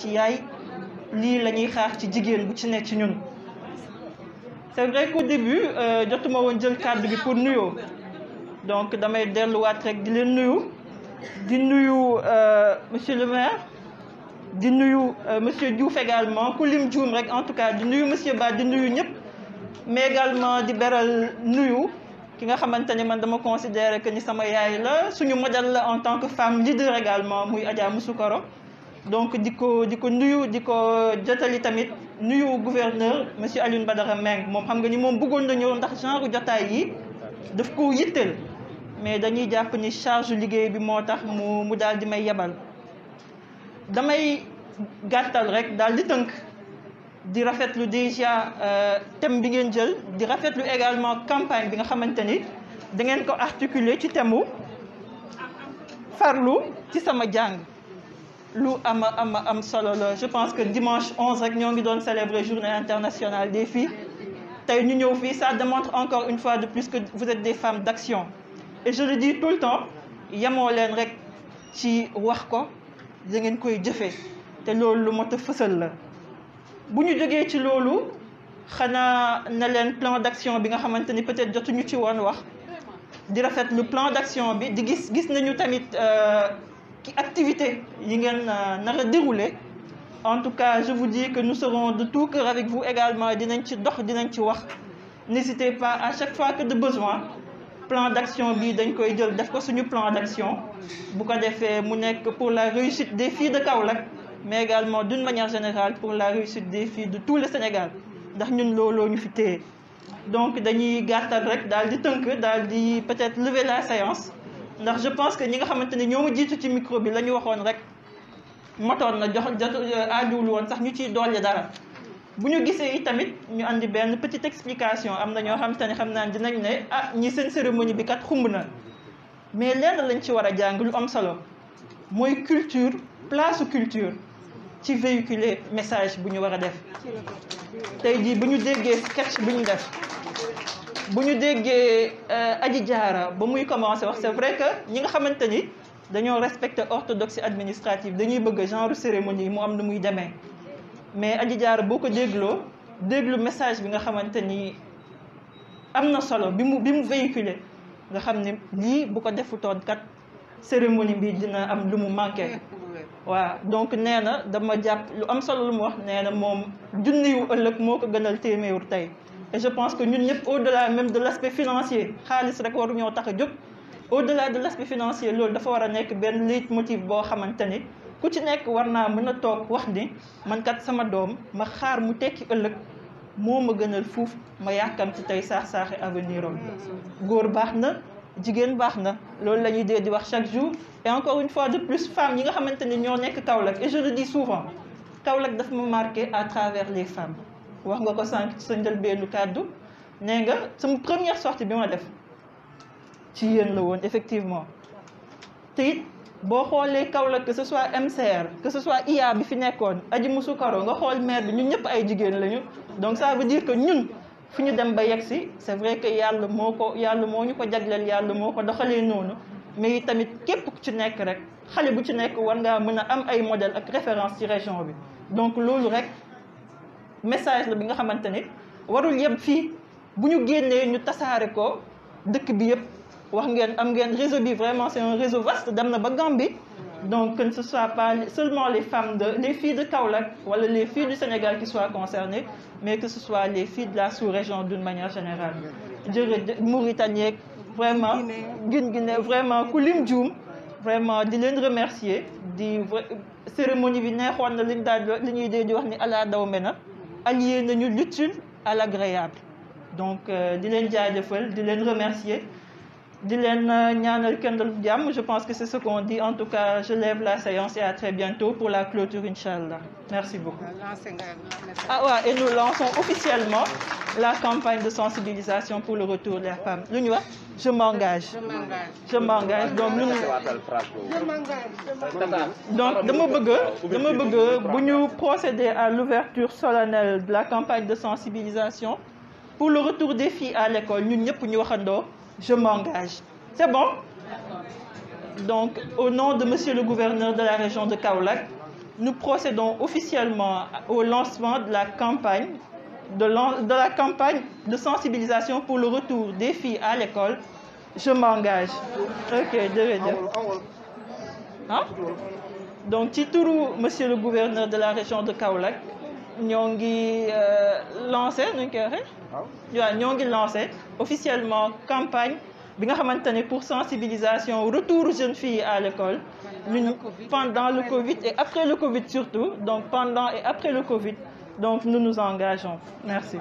ci yaay lii lañuy xaar ci jigéen bu ci nekk ci ñun c'est vrai qu'au début euh, jotuma woon jël kàddu bi pour nuyoo donc damay delluwaat rek di leen nuyu di nuyu euh, monsieur le maire di nuyu euh, monsieur Diouf également ku lim Dioum rek en tout cas di nuyu monsieur Ba di nuyu ñëpp mais également di beral nuyu ki nga xamante ni man dama considérer que ni sama yaay la suñu modèle la en tant que femme leader également muy Adja Moussoukoro donc di ko di ko nuyu di ko jotali tamit nuyu gouverneur monsieur Alioune Badara Meng moom xam nga ni moom bëggoon na ñëw ndax genre jotaay yi daf ko yitteel mais dañuy jàpp ni charge liggéey bi moo tax mu mu daal di may yebal damay gàttal rek daal di tënk di rafetlu déjà euh, thème bi ngeen jël di rafetlu également campagne bi nga xamante ni da ngeen ko articuler ci thème farlu ci sama jàng lu am a am solo la je pense que dimanche 11 rek ñoo ngi doon célébrer journée internationale des filles tey ñu ñëw fii sa démontre encore une fois de plus que vous êtes des femmes d'action et je le dis tout le temps yemoo leen rek ci wax ko da ngeen koy jëfee te loolu lu mot a fësal la bu ñu jógee ci loolu xanaa na leen plan d'action bi nga xamante ni peut-être jotuñu ci woon wax di rafet lu plan d'action bi di gis gis nañu tamit euh, ci activités yi ngeen euh, nar a dérouler en tout cas je vous dis que nous serons de tout cœur avec vous également dinañ ci dox dinañ ci wax n'hésitez pas à chaque fois que de besoin plan d'action bi dañ koy jël def ko suñu plan d'action bu ko defee mu nekk pour la réussite des filles de Kaolack mais également d'une manière générale pour la réussite des filles de tout le Sénégal ndax ñun looloo ñu fi téye donc dañuy gàttal rek daal di tënk daal di peut-être lever la séance ndax je pense que ñi nga xamante ni ñoo ma jiitu ci micro bi la ñu waxoon rek matoon na jox jotu euh, aajuwul woon sax ñu ciy dolli dara bu ñu gisee i tamit ñu andi benn petite explication am na ñoo xamante ne xam naa dinañ ne ah ñi seen cérémonie bi kat xumb na mais lenn lañ ci war a jàng lu am solo mooy culture place culture ci véhiculer message bu ñu war a def tey jii bu ñu déggee sketch bi ñu def bu ñu déggee euh, aji jaara ba muy commencé wax c'est vrai que ñi nga xamante ni dañoo respecté orthodoxie administrative dañuy bëgg genre cérémonie mu am nu muy demee mais aji jaara boo ko dégloo déglu message bi nga xamante ni am na solo bi mu bi mu véhiculé nga xam ne lii bu ko defutoon kat cérémonie bi dina am lu mu manqué waaw donc nee na dama jàpp lu am solo lu mu wax nee na moom junni yu ëllëg moo ko gënal téeméeru tey et je pense que ñun ñëpp au delà même de l' aspect financier xaalis rek waru tax a jóg au delà de l' aspect financier loolu dafa war a nekk benn leitmotiv boo xamante ni ku ci nekk war naa mën a toog wax ni man kat sama doom ma xaar mu tekki ëllëg moo ma gënal fuuf ma yàkkam ci tey saax saaxi avenir am mm. góor baax na jigéen baax na loolu la ñuy dee di wax chaque jour et encore une fois de plus femmes yi nga xamante ne ñoo nekk Kaolack et je le dis souvent Kaolack daf ma marqué à travers les femmes wax nga ko sànq ci sa njëlbeenu kàddu nee nga sama première sortie bi ma def ci yéen la woon effectivement te it boo xoolee Kaolack que ce soit MCR que ce soit IA bi fi nekkoon aji musukaro nga xool maire bi ñun ñëpp ay jigéen lañu donc ça veut dire que ñun fi ñu dem ba yegg si c'est vrai que yàlla moo ko yàlla moo ñu ko jagleel yàlla moo ko doxalee noonu mais tamit képp ci nekk rek xale bu ci nekk war ngaa mën a am ay modèle ak référence ci région bi donc loolu rek message la bi nga xamante ne warul yem fii bu ñu génnee ñu tasaare ko dëkk bi yëpp wax ngeen am ngeen réseau bi vraiment c'est un réseau vaste dem na ba Gambie Donc, que ce soit pas seulement les femmes, de, les filles de Kaolack, wala les filles du Sénégal qui soient concernées, mais que ce soit les filles de la sous-région d'une manière générale. Mauritanie, vraiment, Guinée, vraiment, Koulim Djoum, vraiment, di les remercier. di cérémonie bi neexoon na liñ daal li ñuy dee di wax ni ala daw me na allié nañu l'utile à l'agréable donc euh, di leen jaajëfal di leen remercier di leen euh, ñaanal kendal jàmm je pense que c'est ce qu'on dit en tout cas je lève la séance et à très bientôt pour la clôture inchallah merci beaucoup euh, ah ouais, la campagne de sensibilisation pour le retour des femmes lu ñu wax je m'engage je m'engage donc lu ñu donc dama bëgg dama bëgg bu ñu procéder à l'ouverture solennelle de la campagne de sensibilisation pour le retour des filles à l'école ñun ñëpp ñu waxandoo je m'engage. C'est bon Donc, au nom de Monsieur le gouverneur de la région de Kaolac, nous procédons officiellement au lancement de la campagne de, campagne de sensibilisation pour le retour des filles à l'école. Je m'engage. Ok, deux Hein? Donc, Titourou, monsieur le gouverneur de la région de Kaolac, ñoo ngi euh, lancé nuñ koy waxee waaw ñoo ngi lancé officiellement campagne bi nga xamante ne pour sensibilisation retour jeunes filles à l'école ñun pendant le Covid et après le Covid surtout donc pendant et après le Covid donc nous nous engageons merci